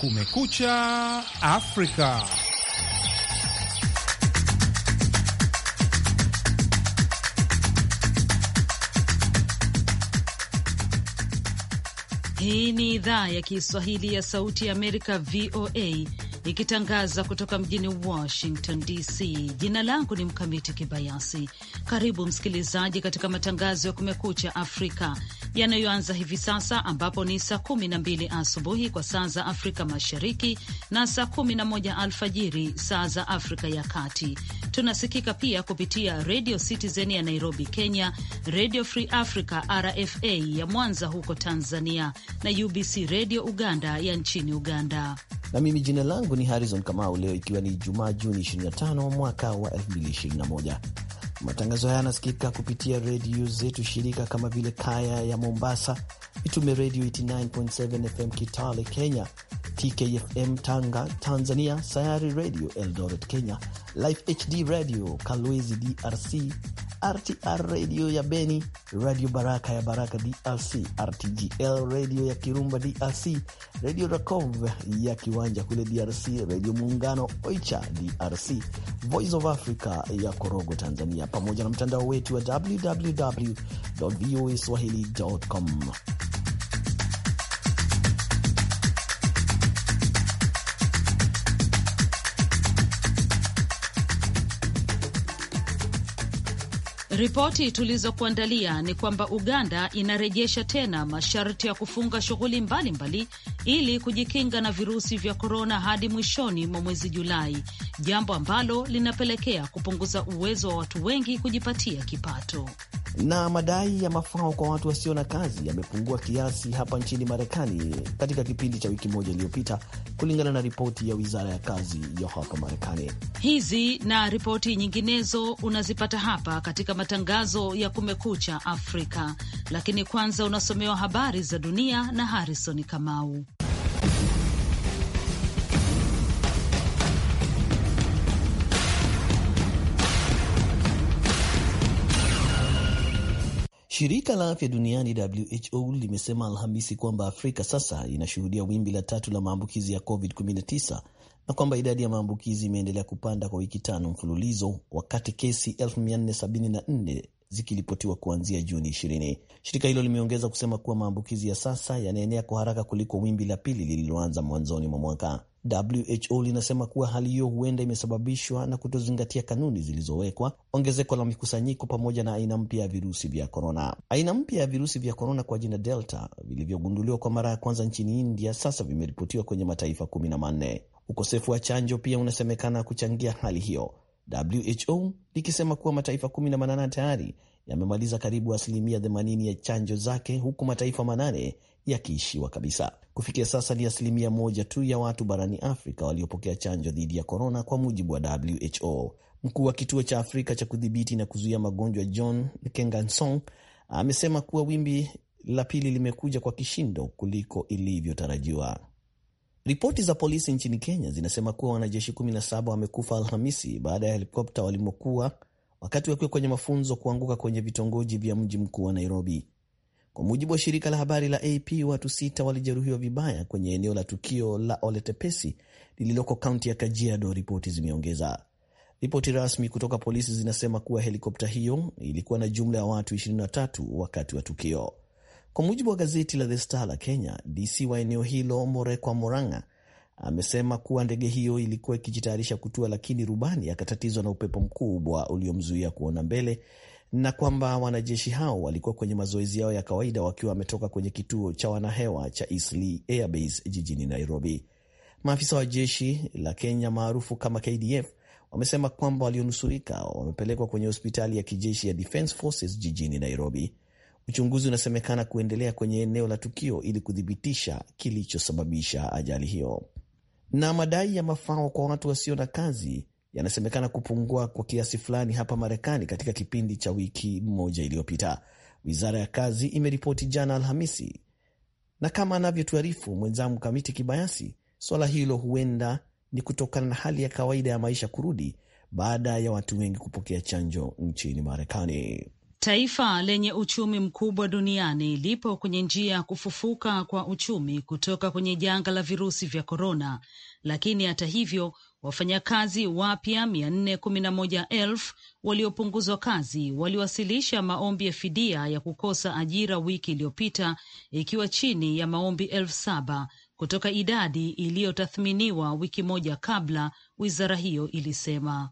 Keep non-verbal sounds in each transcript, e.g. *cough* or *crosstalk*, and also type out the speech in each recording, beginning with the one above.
Kumekucha Afrika. Hii ni idhaa ya Kiswahili ya Sauti ya Amerika, VOA, ikitangaza kutoka mjini Washington DC. Jina langu ni Mkamiti Kibayasi. Karibu msikilizaji katika matangazo ya Kumekucha Afrika yanayoanza hivi sasa ambapo ni saa kumi na mbili asubuhi kwa saa za Afrika Mashariki na saa kumi na moja alfajiri saa za Afrika ya Kati. Tunasikika pia kupitia Radio Citizen ya Nairobi, Kenya, Radio Free Africa RFA ya Mwanza huko Tanzania, na UBC Radio Uganda ya nchini Uganda. Na mimi jina langu ni Harrison Kamau. Leo ikiwa ni Jumaa, Juni 25 mwaka wa 2021 Matangazo haya yanasikika kupitia redio zetu shirika kama vile Kaya ya Mombasa, Itume Redio 89.7 FM Kitale Kenya, TKFM Tanga Tanzania, Sayari Redio Eldoret Kenya, Life HD Radio Kalwezi DRC, RTR redio ya Beni, radio Baraka ya Baraka DRC, RTGL redio ya Kirumba DRC, radio Rakov ya Kiwanja kule DRC, redio Muungano Oicha DRC, Voice of Africa ya Korogo Tanzania, pamoja na mtandao wetu wa www voa swahili.com. Ripoti tulizokuandalia ni kwamba Uganda inarejesha tena masharti ya kufunga shughuli mbalimbali ili kujikinga na virusi vya korona hadi mwishoni mwa mwezi Julai, jambo ambalo linapelekea kupunguza uwezo wa watu wengi kujipatia kipato na madai ya mafao kwa watu wasio na kazi yamepungua kiasi hapa nchini Marekani katika kipindi cha wiki moja iliyopita, kulingana na ripoti ya wizara ya kazi ya hapa Marekani. Hizi na ripoti nyinginezo unazipata hapa katika matangazo ya Kumekucha Afrika, lakini kwanza unasomewa habari za dunia na Harrison Kamau. Shirika la afya duniani WHO limesema Alhamisi kwamba Afrika sasa inashuhudia wimbi la tatu la maambukizi ya COVID-19 na kwamba idadi ya maambukizi imeendelea kupanda kwa wiki tano mfululizo, wakati kesi 474 zikiripotiwa kuanzia Juni 20. Shirika hilo limeongeza kusema kuwa maambukizi ya sasa yanaenea kwa haraka kuliko wimbi la pili lililoanza mwanzoni mwa mwaka. WHO linasema kuwa hali hiyo huenda imesababishwa na kutozingatia kanuni zilizowekwa, ongezeko la mikusanyiko, pamoja na aina mpya ya virusi vya korona. Aina mpya ya virusi vya korona kwa jina Delta vilivyogunduliwa kwa mara ya kwanza nchini India sasa vimeripotiwa kwenye mataifa kumi na manne. Ukosefu wa chanjo pia unasemekana kuchangia hali hiyo, WHO likisema kuwa mataifa kumi na manane tayari yamemaliza karibu asilimia 80 ya chanjo zake huku mataifa manane yakiishiwa kabisa. Kufikia sasa ni asilimia moja tu ya watu barani Afrika waliopokea chanjo dhidi ya korona, kwa mujibu wa WHO. Mkuu wa kituo cha Afrika cha kudhibiti na kuzuia magonjwa John Nkengansong amesema kuwa wimbi la pili limekuja kwa kishindo kuliko ilivyotarajiwa. Ripoti za polisi nchini Kenya zinasema kuwa wanajeshi 17 wamekufa Alhamisi baada ya helikopta walimokuwa wakati wakiwa kwenye mafunzo kuanguka kwenye vitongoji vya mji mkuu wa Nairobi. Kwa mujibu wa shirika la habari la AP, watu sita walijeruhiwa vibaya kwenye eneo la tukio la Oletepesi lililoko kaunti ya Kajiado, ripoti zimeongeza. Ripoti rasmi kutoka polisi zinasema kuwa helikopta hiyo ilikuwa na jumla ya watu 23 wakati wa tukio. Kwa mujibu wa gazeti la The Star la Kenya, DC wa eneo hilo Morekwa Moranga amesema kuwa ndege hiyo ilikuwa ikijitayarisha kutua, lakini rubani akatatizwa na upepo mkubwa uliomzuia kuona mbele, na kwamba wanajeshi hao walikuwa kwenye mazoezi yao ya kawaida wakiwa wametoka kwenye kituo cha wanahewa cha Eastleigh Airbase jijini Nairobi. Maafisa wa jeshi la Kenya maarufu kama KDF wamesema kwamba walionusurika wamepelekwa kwenye hospitali ya kijeshi ya Defence Forces jijini Nairobi. Uchunguzi unasemekana kuendelea kwenye eneo la tukio ili kuthibitisha kilichosababisha ajali hiyo. Na madai ya mafao kwa watu wasio na kazi yanasemekana kupungua kwa kiasi fulani hapa Marekani katika kipindi cha wiki moja iliyopita, wizara ya kazi imeripoti jana Alhamisi. Na kama anavyotuarifu mwenzangu Kamiti Kibayasi, swala hilo huenda ni kutokana na hali ya kawaida ya maisha kurudi baada ya watu wengi kupokea chanjo nchini Marekani. Taifa lenye uchumi mkubwa duniani lipo kwenye njia ya kufufuka kwa uchumi kutoka kwenye janga la virusi vya korona, lakini hata hivyo Wafanyakazi wapya mia nne kumi na moja elfu waliopunguzwa kazi waliwasilisha maombi ya fidia ya kukosa ajira wiki iliyopita, ikiwa chini ya maombi elfu saba kutoka idadi iliyotathminiwa wiki moja kabla, wizara hiyo ilisema.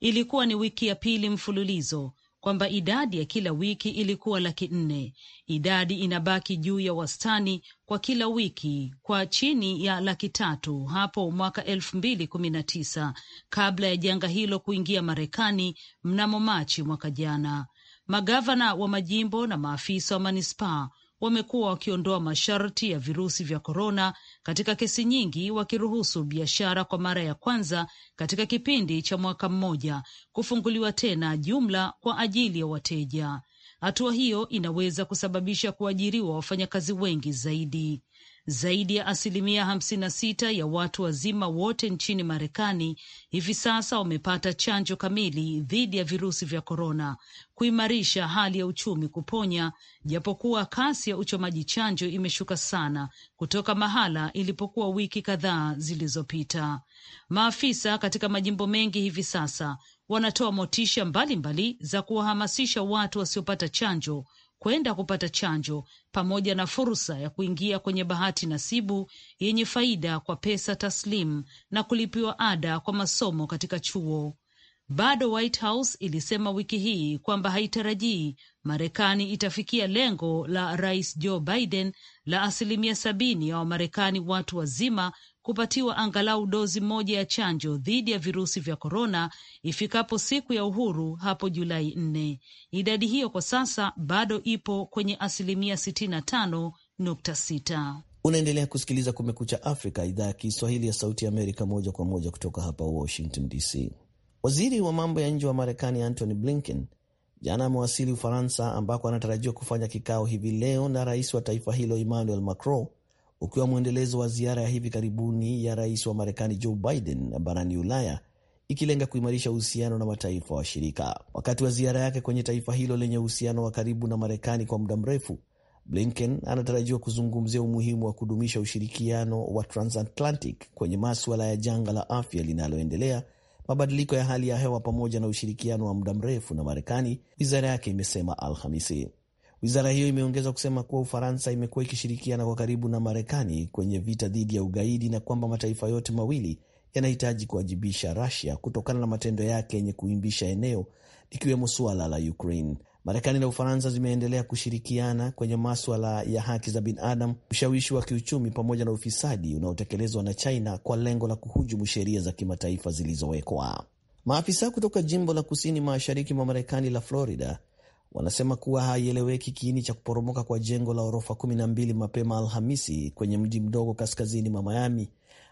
Ilikuwa ni wiki ya pili mfululizo kwamba idadi ya kila wiki ilikuwa laki nne. Idadi inabaki juu ya wastani kwa kila wiki kwa chini ya laki tatu hapo mwaka elfu mbili kumi na tisa kabla ya janga hilo kuingia Marekani mnamo Machi mwaka jana. Magavana wa majimbo na maafisa wa manispaa wamekuwa wakiondoa masharti ya virusi vya korona katika kesi nyingi, wakiruhusu biashara kwa mara ya kwanza katika kipindi cha mwaka mmoja kufunguliwa tena jumla kwa ajili ya wateja. Hatua hiyo inaweza kusababisha kuajiriwa wafanyakazi wengi zaidi. Zaidi ya asilimia 56 sita ya watu wazima wote nchini Marekani hivi sasa wamepata chanjo kamili dhidi ya virusi vya korona, kuimarisha hali ya uchumi kuponya, japokuwa kasi ya uchomaji chanjo imeshuka sana kutoka mahala ilipokuwa wiki kadhaa zilizopita. Maafisa katika majimbo mengi hivi sasa wanatoa motisha mbalimbali mbali za kuwahamasisha watu wasiopata chanjo kwenda kupata chanjo pamoja na fursa ya kuingia kwenye bahati nasibu yenye faida kwa pesa taslimu na kulipiwa ada kwa masomo katika chuo. Bado White House ilisema wiki hii kwamba haitarajii Marekani itafikia lengo la Rais Joe Biden la asilimia sabini ya Wamarekani watu wazima kupatiwa angalau dozi moja ya chanjo dhidi ya virusi vya korona ifikapo siku ya uhuru hapo Julai nne. Idadi hiyo kwa sasa bado ipo kwenye asilimia 65.6. Unaendelea kusikiliza Kumekucha Afrika, idhaa ya Kiswahili ya Sauti ya Amerika, moja kwa moja kutoka hapa Washington DC. Waziri wa mambo ya nje wa Marekani Antony Blinken jana amewasili Ufaransa, ambako anatarajiwa kufanya kikao hivi leo na rais wa taifa hilo Emmanuel Macron ukiwa mwendelezo wa ziara ya hivi karibuni ya rais wa Marekani Joe Biden barani Ulaya, ikilenga kuimarisha uhusiano na mataifa washirika. Wakati wa ziara yake kwenye taifa hilo lenye uhusiano wa karibu na Marekani kwa muda mrefu, Blinken anatarajiwa kuzungumzia umuhimu wa kudumisha ushirikiano wa transatlantic kwenye maswala ya janga la afya linaloendelea, mabadiliko ya hali ya hewa, pamoja na ushirikiano wa muda mrefu na Marekani, wizara yake imesema Alhamisi. Wizara hiyo imeongeza kusema kuwa Ufaransa imekuwa ikishirikiana kwa karibu na Marekani kwenye vita dhidi ya ugaidi na kwamba mataifa yote mawili yanahitaji kuwajibisha rasia kutokana na matendo yake yenye kuimbisha eneo likiwemo suala la Ukraine. Marekani na Ufaransa zimeendelea kushirikiana kwenye maswala ya haki za binadamu, ushawishi wa kiuchumi, pamoja na ufisadi unaotekelezwa na China kwa lengo la kuhujumu sheria za kimataifa zilizowekwa. Maafisa kutoka jimbo la kusini mashariki mwa Marekani la Florida wanasema kuwa haieleweki kiini cha kuporomoka kwa jengo la ghorofa 12 mapema Alhamisi kwenye mji mdogo kaskazini mwa Miami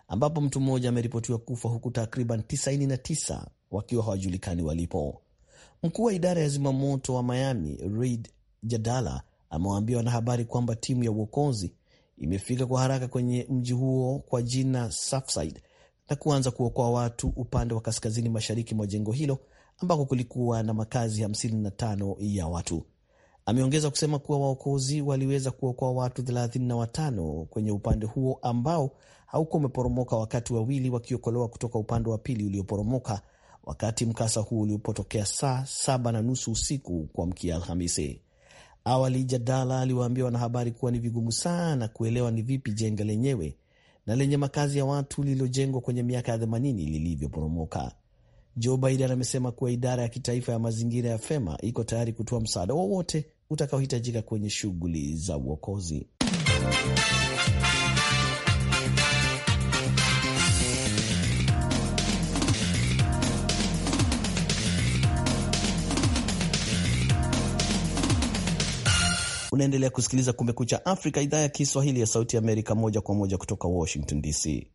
ambapo mtu mmoja ameripotiwa kufa huku takriban 99 wakiwa hawajulikani walipo. Mkuu wa idara ya zimamoto wa Miami Reid Jadala amewaambia wanahabari kwamba timu ya uokozi imefika kwa haraka kwenye mji huo kwa jina Surfside na kuanza kuokoa watu upande wa kaskazini mashariki mwa jengo hilo ambako kulikuwa na makazi 55 ya watu. Ameongeza kusema kuwa waokozi waliweza kuokoa watu 35 kwenye upande huo ambao haukuwa umeporomoka, wakati wawili wakiokolewa kutoka upande wa pili ulioporomoka wakati mkasa huo ulipotokea saa saba na nusu usiku kuamkia Alhamisi. Awali, Jadala aliwaambia wanahabari kuwa ni vigumu sana kuelewa ni vipi jenga lenyewe na lenye makazi ya watu lililojengwa kwenye miaka ya 80 lilivyoporomoka. Joe Biden amesema kuwa idara ya kitaifa ya mazingira ya FEMA iko tayari kutoa msaada wowote utakaohitajika kwenye shughuli za uokozi. Unaendelea kusikiliza Kumekucha Afrika, idhaa ya Kiswahili ya Sauti ya Amerika, moja kwa moja kutoka Washington DC.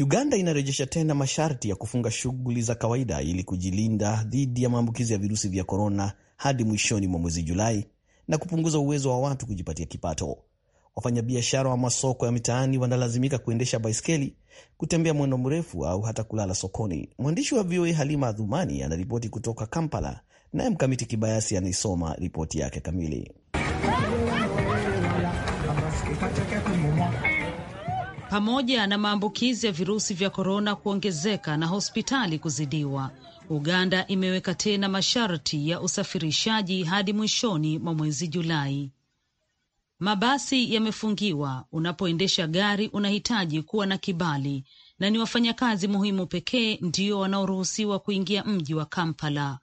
Uganda inarejesha tena masharti ya kufunga shughuli za kawaida ili kujilinda dhidi ya maambukizi ya virusi vya korona hadi mwishoni mwa mwezi Julai na kupunguza uwezo wa watu kujipatia kipato. Wafanyabiashara wa masoko ya mitaani wanalazimika kuendesha baiskeli, kutembea mwendo mrefu au hata kulala sokoni. Mwandishi wa VOA Halima Adhumani anaripoti kutoka Kampala, naye Mkamiti Kibayasi anaisoma ripoti yake kamili pamoja na maambukizi ya virusi vya korona kuongezeka na hospitali kuzidiwa, Uganda imeweka tena masharti ya usafirishaji hadi mwishoni mwa mwezi Julai. Mabasi yamefungiwa. Unapoendesha gari unahitaji kuwa na kibali, na ni wafanyakazi muhimu pekee ndio wanaoruhusiwa kuingia mji wa Kampala,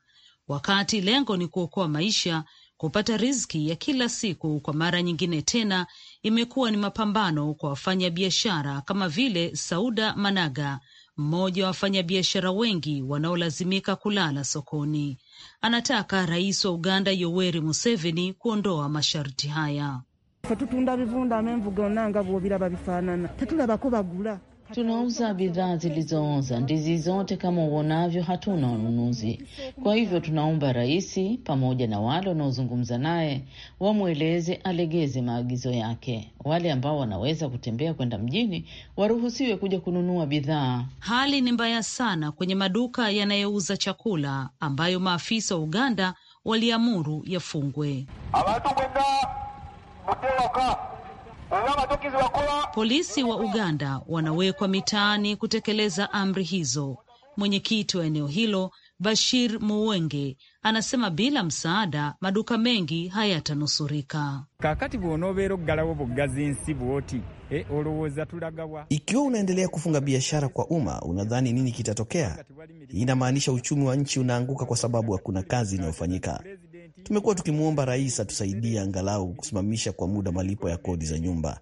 wakati lengo ni kuokoa maisha, kupata riziki ya kila siku kwa mara nyingine tena imekuwa ni mapambano kwa wafanyabiashara kama vile Sauda Managa, mmoja wa wafanyabiashara wengi wanaolazimika kulala sokoni. Anataka rais wa Uganda Yoweri Museveni kuondoa masharti haya. Tunauza bidhaa zilizooza, ndizi zote kama uonavyo, hatuna wanunuzi. Kwa hivyo tunaomba rais pamoja na wale wanaozungumza naye wamweleze alegeze maagizo yake. Wale ambao wanaweza kutembea kwenda mjini waruhusiwe kuja kununua bidhaa. Hali ni mbaya sana kwenye maduka yanayouza chakula ambayo maafisa wa Uganda waliamuru yafungwe. Polisi wa Uganda wanawekwa mitaani kutekeleza amri hizo. Mwenyekiti wa eneo hilo Bashir Muwenge anasema bila msaada maduka mengi hayatanusurika. E, Ikiwa unaendelea kufunga biashara kwa umma, unadhani nini kitatokea? Hii inamaanisha uchumi wa nchi unaanguka kwa sababu hakuna kazi inayofanyika. Tumekuwa tukimwomba rais atusaidie angalau kusimamisha kwa muda malipo ya kodi za nyumba.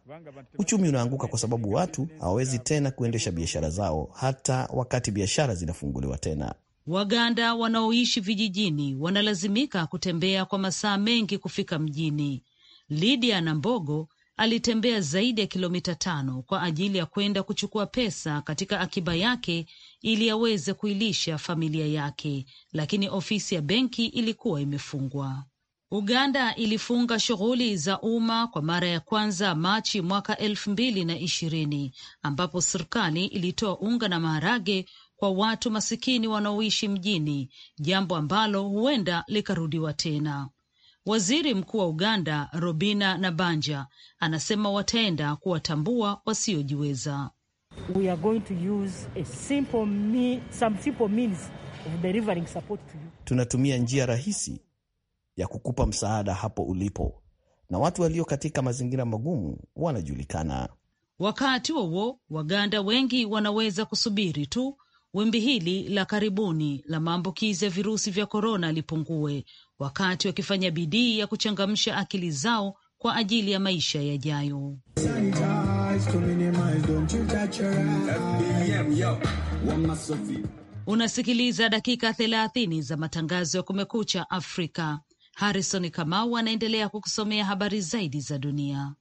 Uchumi unaanguka kwa sababu watu hawawezi tena kuendesha biashara zao hata wakati biashara zinafunguliwa tena. Waganda wanaoishi vijijini wanalazimika kutembea kwa masaa mengi kufika mjini. Lydia Nambogo alitembea zaidi ya kilomita tano kwa ajili ya kwenda kuchukua pesa katika akiba yake ili aweze kuilisha familia yake, lakini ofisi ya benki ilikuwa imefungwa. Uganda ilifunga shughuli za umma kwa mara ya kwanza Machi mwaka elfu mbili na ishirini ambapo serikali ilitoa unga na maharage kwa watu masikini wanaoishi mjini, jambo ambalo huenda likarudiwa tena. Waziri Mkuu wa Uganda Robina Nabanja anasema wataenda kuwatambua wasiojiweza we are going to use a simple me, some simple means of delivering support to you. Tunatumia njia rahisi ya kukupa msaada hapo ulipo, na watu walio katika mazingira magumu wanajulikana. Wakati huo Waganda wengi wanaweza kusubiri tu wimbi hili la karibuni la maambukizi ya virusi vya korona lipungue, wakati wakifanya bidii ya kuchangamsha akili zao kwa ajili ya maisha yajayo. Unasikiliza dakika 30 za matangazo ya Kumekucha Afrika. Harrison Kamau anaendelea kukusomea habari zaidi za dunia.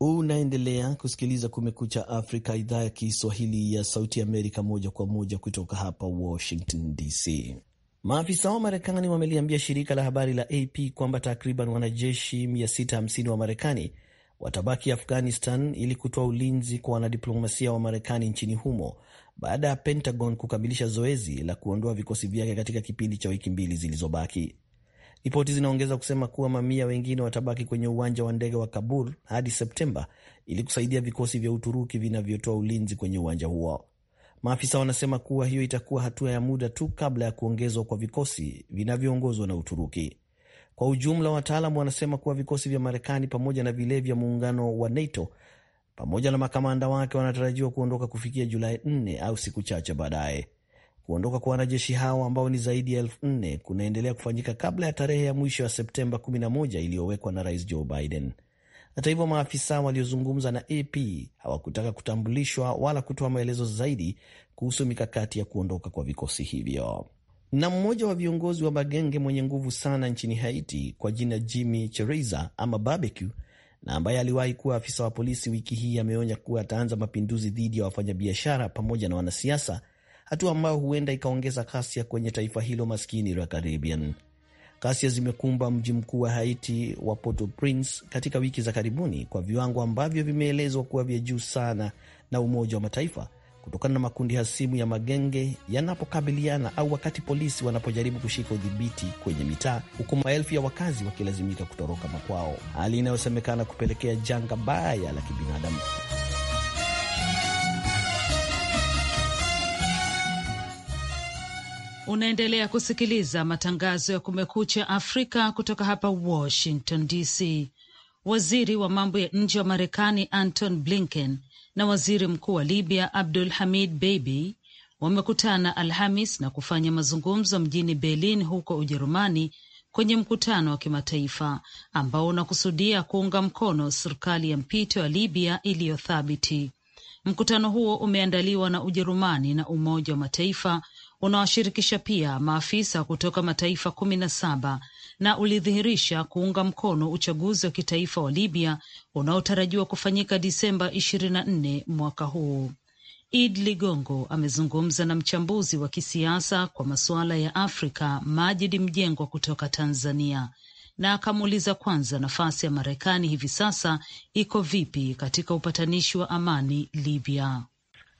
Unaendelea kusikiliza Kumekucha Afrika, idhaa ya Kiswahili ya Sauti Amerika, moja kwa moja kutoka hapa Washington DC. Maafisa wa Marekani wameliambia shirika la habari la AP kwamba takriban wanajeshi 650 wa Marekani watabaki Afghanistan ili kutoa ulinzi kwa wanadiplomasia wa Marekani nchini humo baada ya Pentagon kukamilisha zoezi la kuondoa vikosi vyake katika kipindi cha wiki mbili zilizobaki. Ripoti zinaongeza kusema kuwa mamia wengine watabaki kwenye uwanja wa ndege wa Kabul hadi Septemba ili kusaidia vikosi vya Uturuki vinavyotoa ulinzi kwenye uwanja huo. Maafisa wanasema kuwa hiyo itakuwa hatua ya muda tu kabla ya kuongezwa kwa vikosi vinavyoongozwa na Uturuki. Kwa ujumla, wataalamu wanasema kuwa vikosi vya Marekani pamoja na vile vya muungano wa NATO pamoja na makamanda wake wanatarajiwa kuondoka kufikia Julai 4 au siku chache baadaye. Kuondoka kwa wanajeshi hao ambao ni zaidi ya elfu nne kunaendelea kufanyika kabla ya tarehe ya mwisho ya Septemba 11 iliyowekwa na Rais Joe Biden. Hata hivyo, maafisa waliozungumza na AP hawakutaka kutambulishwa wala kutoa maelezo zaidi kuhusu mikakati ya kuondoka kwa vikosi hivyo. Na mmoja wa viongozi wa magenge mwenye nguvu sana nchini Haiti kwa jina Jimmy Chereza ama Barbecue na ambaye aliwahi kuwa afisa wa polisi, wiki hii ameonya kuwa ataanza mapinduzi dhidi ya wafanyabiashara pamoja na wanasiasa, hatua ambayo huenda ikaongeza ghasia kwenye taifa hilo maskini la Caribbean. Ghasia zimekumba mji mkuu wa Haiti wa Port-au-Prince katika wiki za karibuni kwa viwango ambavyo vimeelezwa kuwa vya juu sana na Umoja wa Mataifa kutokana na makundi hasimu ya magenge yanapokabiliana au wakati polisi wanapojaribu kushika udhibiti kwenye mitaa, huku maelfu ya wakazi wakilazimika kutoroka makwao, hali inayosemekana kupelekea janga baya la kibinadamu. Unaendelea kusikiliza matangazo ya Kumekucha Afrika kutoka hapa Washington DC. Waziri wa mambo ya nje wa Marekani Anton Blinken na waziri mkuu wa Libya Abdul Hamid Deibi wamekutana Alhamis na kufanya mazungumzo mjini Berlin huko Ujerumani kwenye mkutano wa kimataifa ambao unakusudia kuunga mkono serikali ya mpito ya Libya iliyothabiti. Mkutano huo umeandaliwa na Ujerumani na Umoja wa Mataifa unawashirikisha pia maafisa kutoka mataifa kumi na saba na ulidhihirisha kuunga mkono uchaguzi wa kitaifa wa Libya unaotarajiwa kufanyika Disemba 24 mwaka huu. Id Ligongo amezungumza na mchambuzi wa kisiasa kwa masuala ya Afrika majidi Mjengwa kutoka Tanzania na akamuuliza kwanza nafasi ya Marekani hivi sasa iko vipi katika upatanishi wa amani Libya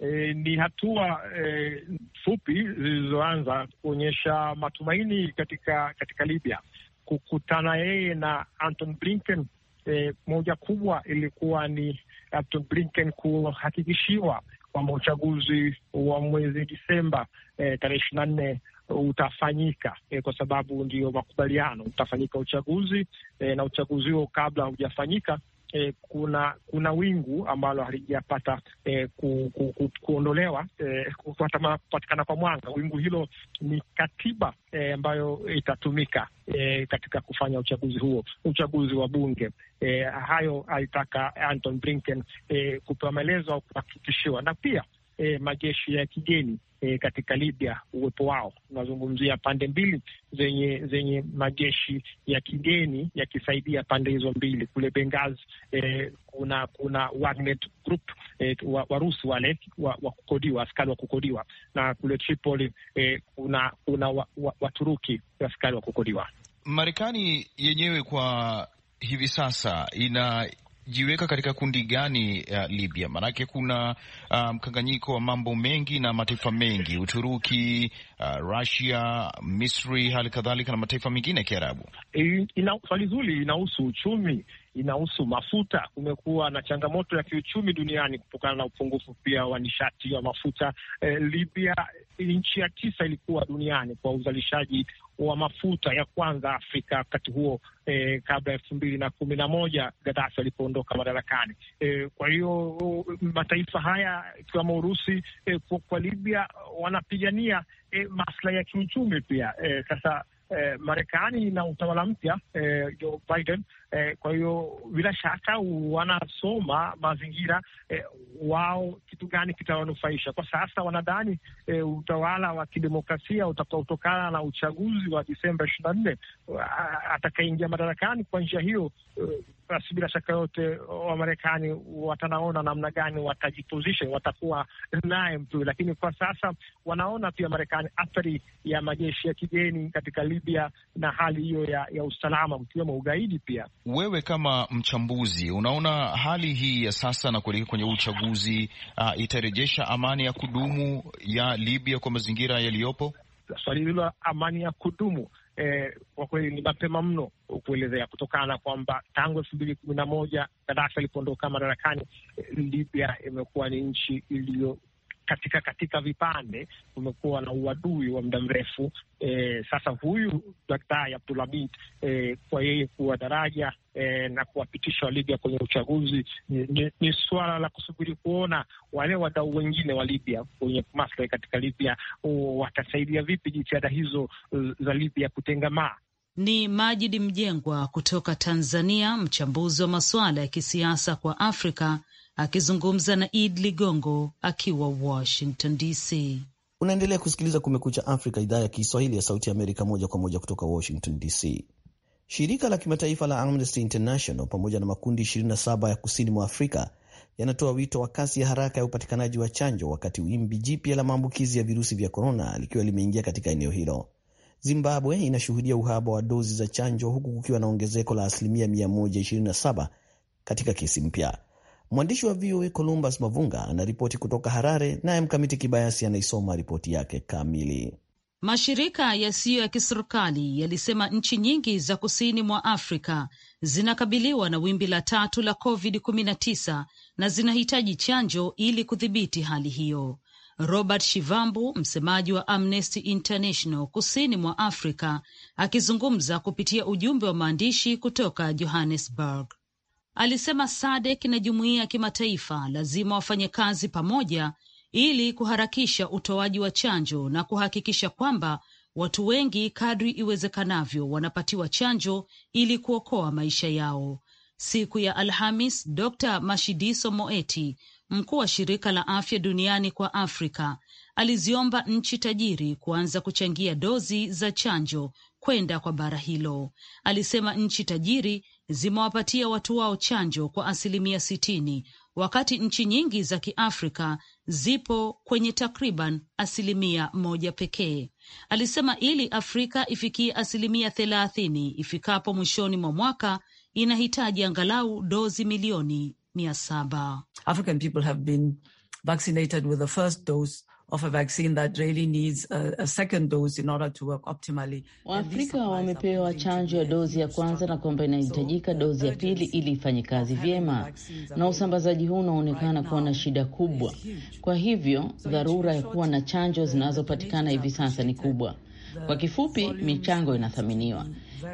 e, ni hatua e, fupi zilizoanza kuonyesha matumaini katika katika Libya. Kukutana yeye na Anton Blinken e, moja kubwa ilikuwa ni Anton Blinken kuhakikishiwa kwamba uchaguzi wa mwezi Disemba e, tarehe ishirini na nne utafanyika e, kwa sababu ndio makubaliano, utafanyika uchaguzi e, na uchaguzi huo kabla haujafanyika eh, kuna kuna wingu ambalo halijapata eh, ku, ku, ku, kuondolewa eh, kupatikana kwa mwanga. Wingu hilo ni katiba eh, ambayo itatumika eh, katika kufanya uchaguzi huo, uchaguzi wa bunge eh, hayo alitaka Anton Blinken eh, kupewa maelezo au kuhakikishiwa na pia e, majeshi ya kigeni e, katika Libya uwepo wao. unazungumzia pande mbili zenye zenye majeshi ya kigeni yakisaidia pande hizo mbili. Kule Benghazi e, kuna kuna Wagner Group e, wa, Warusi wale wa, wa kukodiwa, askari wa kukodiwa, na kule Tripoli e, kuna kuna Waturuki wa, wa askari wa kukodiwa. Marekani yenyewe kwa hivi sasa ina jiweka katika kundi gani uh, Libya? Maanake kuna ah, mkanganyiko um, wa mambo mengi na mataifa mengi, Uturuki, uh, Russia, Misri, hali kadhalika na mataifa mengine ya Kiarabu. E, ina, swali zuri. Inahusu uchumi, inahusu mafuta. Kumekuwa na changamoto ya kiuchumi duniani kutokana na upungufu pia wa nishati ya mafuta. E, Libya nchi ya tisa ilikuwa duniani kwa uzalishaji wa mafuta ya kwanza Afrika wakati huo e, kabla ya elfu mbili na kumi na moja Gaddafi alipoondoka madarakani e, kwa hiyo eh, mataifa haya ikiwemo Urusi e, kwa, kwa Libya wanapigania e, maslahi ya kiuchumi pia e, sasa eh, Marekani na utawala mpya eh, Joe Biden eh, kwa hiyo bila shaka wanasoma mazingira eh, wao kitu gani kitawanufaisha kwa sasa. Wanadhani eh, utawala wa kidemokrasia utakaotokana na uchaguzi wa Disemba ishirini na nne eh, atakaingia madarakani kwa njia hiyo eh, basi bila shaka yote eh, Wamarekani watanaona namna gani watajipozishe, watakuwa naye mtu, lakini kwa sasa wanaona pia Marekani athari ya majeshi ya kigeni katika Libya Libya na hali hiyo ya, ya usalama mkiwemo ugaidi pia. Wewe kama mchambuzi, unaona hali hii ya sasa na kuelekea kwenye uchaguzi uh, itarejesha amani ya kudumu ya Libya kwa mazingira yaliyopo? Swali hilo amani ya kudumu eh, kwa kweli ni mapema mno kuelezea kutokana na kwamba tangu elfu mbili kumi na moja Gadafi alipoondoka madarakani, eh, Libya imekuwa ni nchi iliyo katika katika vipande, kumekuwa na uadui wa muda mrefu. E, sasa huyu Daktari Abdulhamid e, kwa yeye kuwa daraja e, na kuwapitisha Walibya kwenye uchaguzi ni, ni suala la kusubiri kuona wale wadau wengine wa Libya kwenye maslahi katika Libya watasaidia vipi jitihada hizo e, za Libya kutengamaa. Ni Majidi Mjengwa kutoka Tanzania, mchambuzi wa masuala ya kisiasa kwa Afrika akizungumza na Ed Ligongo akiwa Washington DC. Unaendelea kusikiliza Kumekucha Afrika, idhaa ya Kiswahili ya Sauti ya Amerika, moja kwa moja kutoka Washington DC. Shirika la kimataifa la Amnesty International pamoja na makundi 27 ya kusini mwa Afrika yanatoa wito wa kasi ya haraka ya upatikanaji wa chanjo, wakati wimbi jipya la maambukizi ya virusi vya korona likiwa limeingia katika eneo hilo. Zimbabwe inashuhudia uhaba wa dozi za chanjo, huku kukiwa na ongezeko la asilimia 127 katika kesi mpya. Mwandishi wa VOA Columbus Mavunga anaripoti kutoka Harare, naye Mkamiti Kibayasi anaisoma ripoti yake kamili. Mashirika yasiyo ya kiserikali yalisema nchi nyingi za kusini mwa Afrika zinakabiliwa na wimbi la tatu la COVID-19 na zinahitaji chanjo ili kudhibiti hali hiyo. Robert Shivambu, msemaji wa Amnesty International kusini mwa Afrika, akizungumza kupitia ujumbe wa maandishi kutoka Johannesburg, alisema SADC na jumuiya ya kimataifa lazima wafanye kazi pamoja ili kuharakisha utoaji wa chanjo na kuhakikisha kwamba watu wengi kadri iwezekanavyo wanapatiwa chanjo ili kuokoa maisha yao. Siku ya Alhamis, Dr Mashidiso Moeti, mkuu wa shirika la afya duniani kwa Afrika, aliziomba nchi tajiri kuanza kuchangia dozi za chanjo kwenda kwa bara hilo. Alisema nchi tajiri zimewapatia watu wao chanjo kwa asilimia sitini wakati nchi nyingi za Kiafrika zipo kwenye takriban asilimia moja pekee. Alisema ili Afrika ifikie asilimia thelathini ifikapo mwishoni mwa mwaka inahitaji angalau dozi milioni mia saba. African people have been vaccinated with the first dose of a vaccine that really needs a, a second dose in order to work optimally. Waafrika wamepewa chanjo ya dozi ya kwanza na kwamba inahitajika uh, dozi ya pili ili ifanye kazi vyema, na usambazaji huu unaonekana kuwa na shida kubwa. Kwa hivyo dharura ya kuwa na chanjo zinazopatikana hivi sasa ni kubwa. Kwa kifupi, michango inathaminiwa,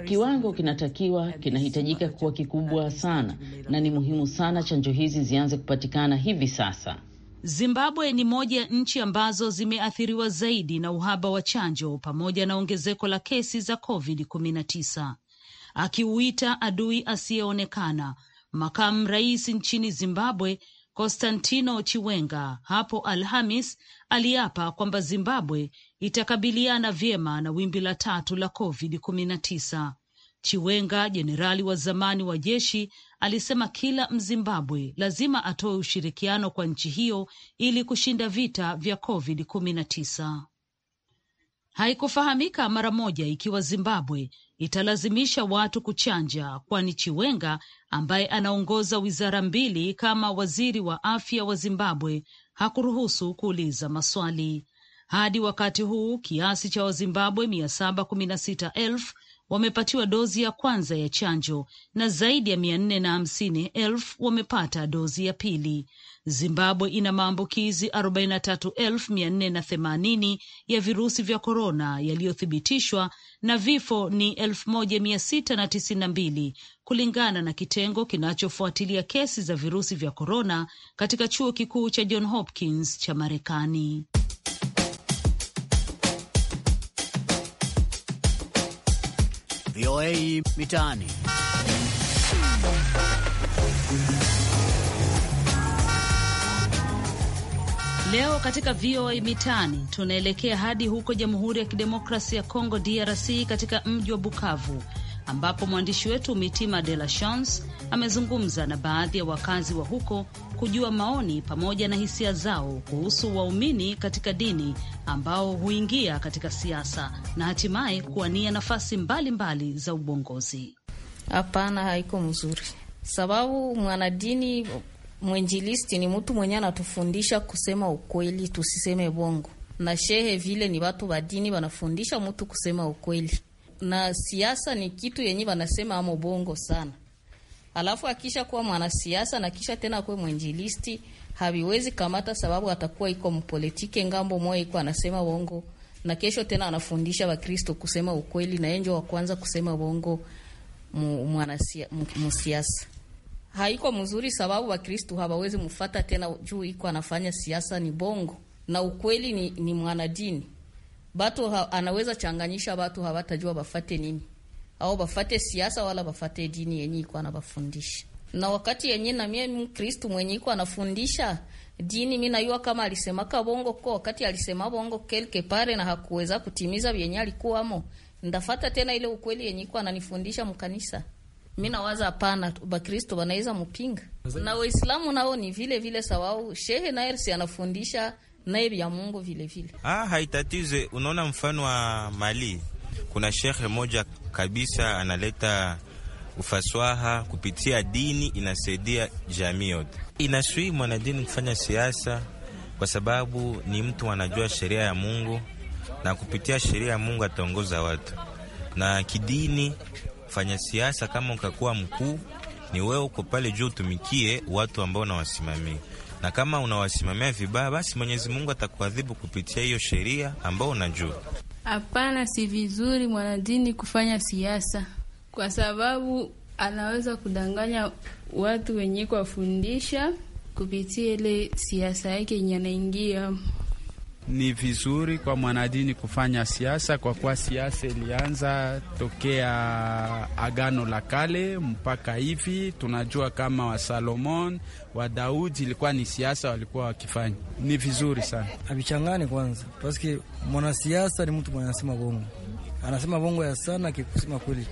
kiwango kinatakiwa, kinahitajika kuwa kikubwa sana, na ni muhimu sana chanjo hizi zianze kupatikana hivi sasa. Zimbabwe ni moja ya nchi ambazo zimeathiriwa zaidi na uhaba wa chanjo pamoja na ongezeko la kesi za COVID-19. Akiuita adui asiyeonekana, makamu rais nchini Zimbabwe Konstantino Chiwenga hapo Alhamis aliapa kwamba Zimbabwe itakabiliana vyema na wimbi la tatu la COVID-19 Chiwenga, jenerali wa zamani wa jeshi, alisema kila Mzimbabwe lazima atoe ushirikiano kwa nchi hiyo ili kushinda vita vya COVID-19. Haikufahamika mara moja ikiwa Zimbabwe italazimisha watu kuchanja, kwani Chiwenga ambaye anaongoza wizara mbili kama waziri wa afya wa Zimbabwe hakuruhusu kuuliza maswali. Hadi wakati huu kiasi cha Wazimbabwe mia saba kumi na sita elfu wamepatiwa dozi ya kwanza ya chanjo na zaidi ya mia nne na hamsini elfu wamepata dozi ya pili. Zimbabwe ina maambukizi 43480 mia themanini ya virusi vya korona yaliyothibitishwa na vifo ni 1692 na kulingana na kitengo kinachofuatilia kesi za virusi vya korona katika chuo kikuu cha John Hopkins cha Marekani. VOA Mitaani. Leo katika VOA Mitaani tunaelekea hadi huko Jamhuri ya kidemokrasia ya Kongo, DRC, katika mji wa Bukavu ambapo mwandishi wetu Mitima De La Chance amezungumza na baadhi ya wakazi wa huko kujua maoni pamoja na hisia zao kuhusu waumini katika dini ambao huingia katika siasa na hatimaye kuwania nafasi mbalimbali mbali za ubongozi. Hapana, haiko mzuri, sababu mwanadini mwenjilisti ni mtu mwenye anatufundisha kusema ukweli, tusiseme bongo na shehe vile ni watu wa dini wanafundisha mtu kusema ukweli, na siasa ni kitu yenye wanasema amo bongo sana alafu akisha kuwa mwanasiasa na kisha tena kuwe mwinjilisti haviwezi kamata, sababu atakuwa iko mpolitike ngambo moja, iko anasema uongo na kesho tena anafundisha Wakristo kusema ukweli, na yenjo wa kwanza kusema uongo mwanasiasa haiko mzuri, sababu Wakristo hawawezi mfata tena juu iko anafanya siasa ni bongo na ukweli ni, ni mwanadini. Batu ha, anaweza changanyisha batu hawatajua bafate nini au bafate siasa wala bafate dini yenye iko anabafundisha na wakati yenye na mie Mkristu mwenye iko anafundisha dini, mi nayua kama alisemaka bongo ko wakati alisema bongo kelke pare na hakuweza kutimiza vyenye alikuwamo, ndafata tena ile ukweli yenye iko ananifundisha mkanisa. Mi nawaza hapana, Bakristo wanaweza mupinga na Waislamu nao ni vile vile sawau. Shehe naye si anafundisha naye vya Mungu vile vile. Ah, haitatize. Unaona mfano wa Mali, kuna shehe moja kabisa, analeta ufaswaha kupitia dini, inasaidia jamii yote. Inasui mwanadini kufanya siasa kwa sababu ni mtu anajua sheria ya Mungu na kupitia sheria ya Mungu ataongoza watu. Na kidini, fanya siasa kama ukakuwa mkuu, ni wewe uko pale juu, utumikie watu ambao unawasimamia, na kama unawasimamia vibaya, basi Mwenyezi Mungu atakuadhibu kupitia hiyo sheria ambao unajua. Hapana, si vizuri mwanadini kufanya siasa, kwa sababu anaweza kudanganya watu wenye kuwafundisha kupitia ile siasa yake yenye anaingia ni vizuri kwa mwanadini kufanya siasa kwa kuwa siasa ilianza tokea Agano la Kale mpaka hivi. Tunajua kama wa Salomon wa Daudi ilikuwa ni siasa walikuwa wakifanya, ni vizuri sana. Avichangani kwanza, paske mwanasiasa ni mtu mwenye anasema bongo, anasema bongo ya sana akikusema kweli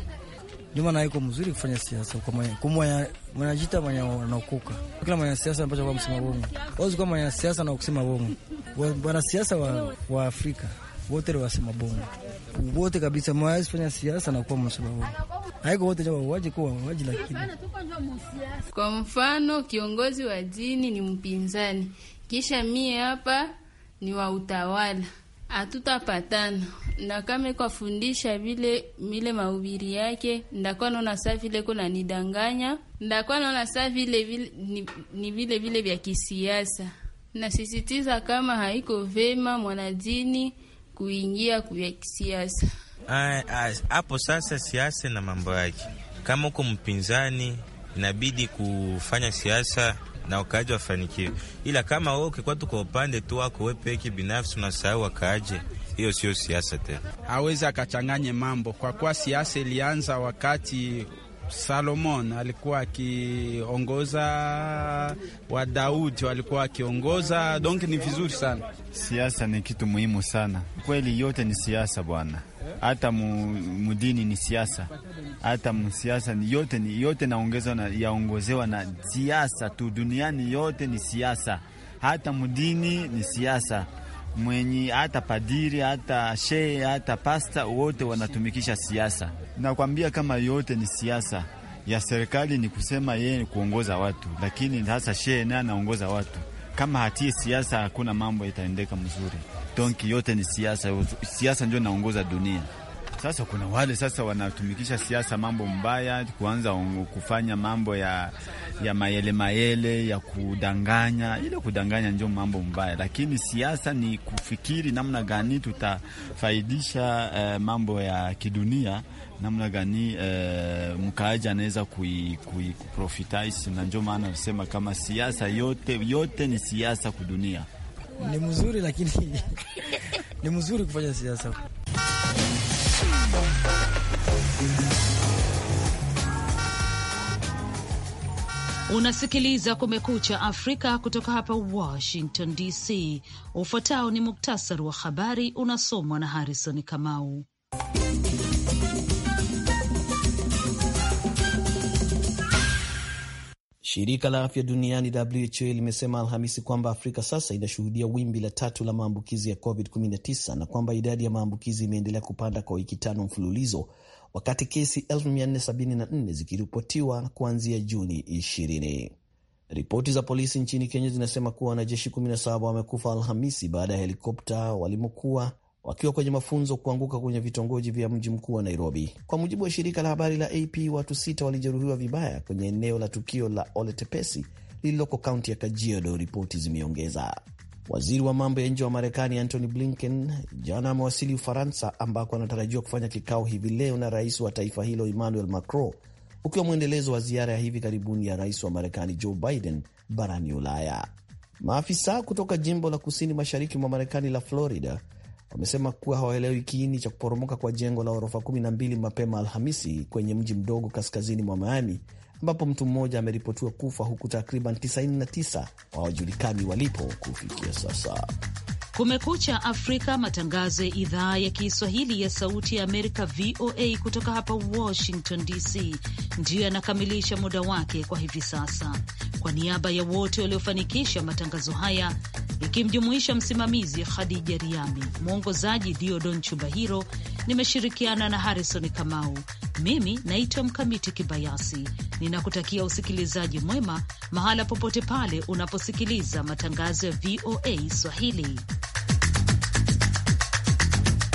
Nyuma na iko mzuri kufanya siasa kwa mwenye kumwa mwanajita mwenye anaokuka. Kila mwenye siasa anapata kwa msema bongo. Wazi kwa mwenye siasa na kusema bongo. Bwana siasa wa, wa Afrika wote ni wasema bongo. Wote kabisa mwenye kufanya siasa na kuwa msema bongo. Haiko wote jamaa waje kwa waje lakini. Kwa mfano kiongozi wa dini ni mpinzani. Kisha mie hapa ni wa utawala hatutapatana na kama fundisha vile mile mahubiri yake, ndakuwa naona saa vile kuna nidanganya, ndakuwa naona saa vile vile ni, ni vile vile vya kisiasa. Nasisitiza kama haiko vema mwanadini kuingia vya kisiasa hapo. Sasa siasa na mambo yake, kama uko mpinzani inabidi kufanya siasa na wakaaji wafanikiwe, ila kama wewe ukikuwa tu kwa upande tu wako wewe peke binafsi, unasahau wakaaji. Hiyo sio siasa tena, hawezi akachanganye mambo kwa kuwa siasa ilianza wakati Salomon alikuwa akiongoza, wa Daudi walikuwa akiongoza, donc ni vizuri sana. Siasa ni kitu muhimu sana kweli, yote ni siasa bwana, hata mudini ni siasa, hata msiasa yote, yote yaongozewa na siasa tu. Duniani yote ni siasa, hata mudini ni siasa mwenye hata padiri hata shehe hata pasta wote wanatumikisha siasa. Nakwambia kama yote ni siasa ya serikali, ni kusema yeye ni kuongoza watu, lakini hasa shehe naye anaongoza watu. Kama hatie siasa, hakuna mambo itaendeka mzuri. Donki yote ni siasa, siasa ndio naongoza dunia. Sasa kuna wale sasa wanatumikisha siasa mambo mbaya, kuanza kufanya mambo ya, ya mayele mayele ya kudanganya. Ile kudanganya ndio mambo mbaya, lakini siasa ni kufikiri namna gani tutafaidisha uh, mambo ya kidunia namna gani uh, mkaaji anaweza kuprofitize na ndio maana nasema kama siasa yote yote ni siasa kudunia. Ni mzuri lakini *laughs* ni mzuri kufanya siasa Unasikiliza Kumekucha Afrika kutoka hapa Washington DC. Ufuatao ni muktasari wa habari unasomwa na Harrison Kamau. Shirika la afya duniani WHO limesema Alhamisi kwamba Afrika sasa inashuhudia wimbi la tatu la maambukizi ya COVID-19 na kwamba idadi ya maambukizi imeendelea kupanda kwa wiki tano mfululizo, wakati kesi 474 zikiripotiwa kuanzia Juni 20. Ripoti za polisi nchini Kenya zinasema kuwa wanajeshi 17 wamekufa Alhamisi baada ya helikopta walimokuwa wakiwa kwenye mafunzo kuanguka kwenye vitongoji vya mji mkuu wa Nairobi. Kwa mujibu wa shirika la habari la AP, watu sita walijeruhiwa vibaya kwenye eneo la tukio la Oletepesi lililoko kaunti ya Kajiado, ripoti zimeongeza. Waziri wa mambo ya nje wa Marekani Antony Blinken jana amewasili Ufaransa, ambako anatarajiwa kufanya kikao hivi leo na rais wa taifa hilo Emmanuel Macron, ukiwa mwendelezo wa ziara ya hivi karibuni ya rais wa Marekani Joe Biden barani Ulaya. Maafisa kutoka jimbo la kusini mashariki mwa Marekani la Florida wamesema kuwa hawaelewi kiini cha kuporomoka kwa jengo la ghorofa 12 mapema Alhamisi kwenye mji mdogo kaskazini mwa Miami, ambapo mtu mmoja ameripotiwa kufa huku takriban 99 hawajulikani walipo kufikia sasa. Kumekucha Afrika, matangazo ya idhaa ya Kiswahili ya Sauti ya Amerika, VOA, kutoka hapa Washington DC, ndiyo yanakamilisha muda wake kwa hivi sasa. Kwa niaba ya wote waliofanikisha matangazo haya, ikimjumuisha msimamizi Khadija Riami, mwongozaji Diodon Chubahiro. Nimeshirikiana na Harrison Kamau. Mimi naitwa Mkamiti Kibayasi, ninakutakia usikilizaji mwema mahala popote pale unaposikiliza matangazo ya VOA Swahili.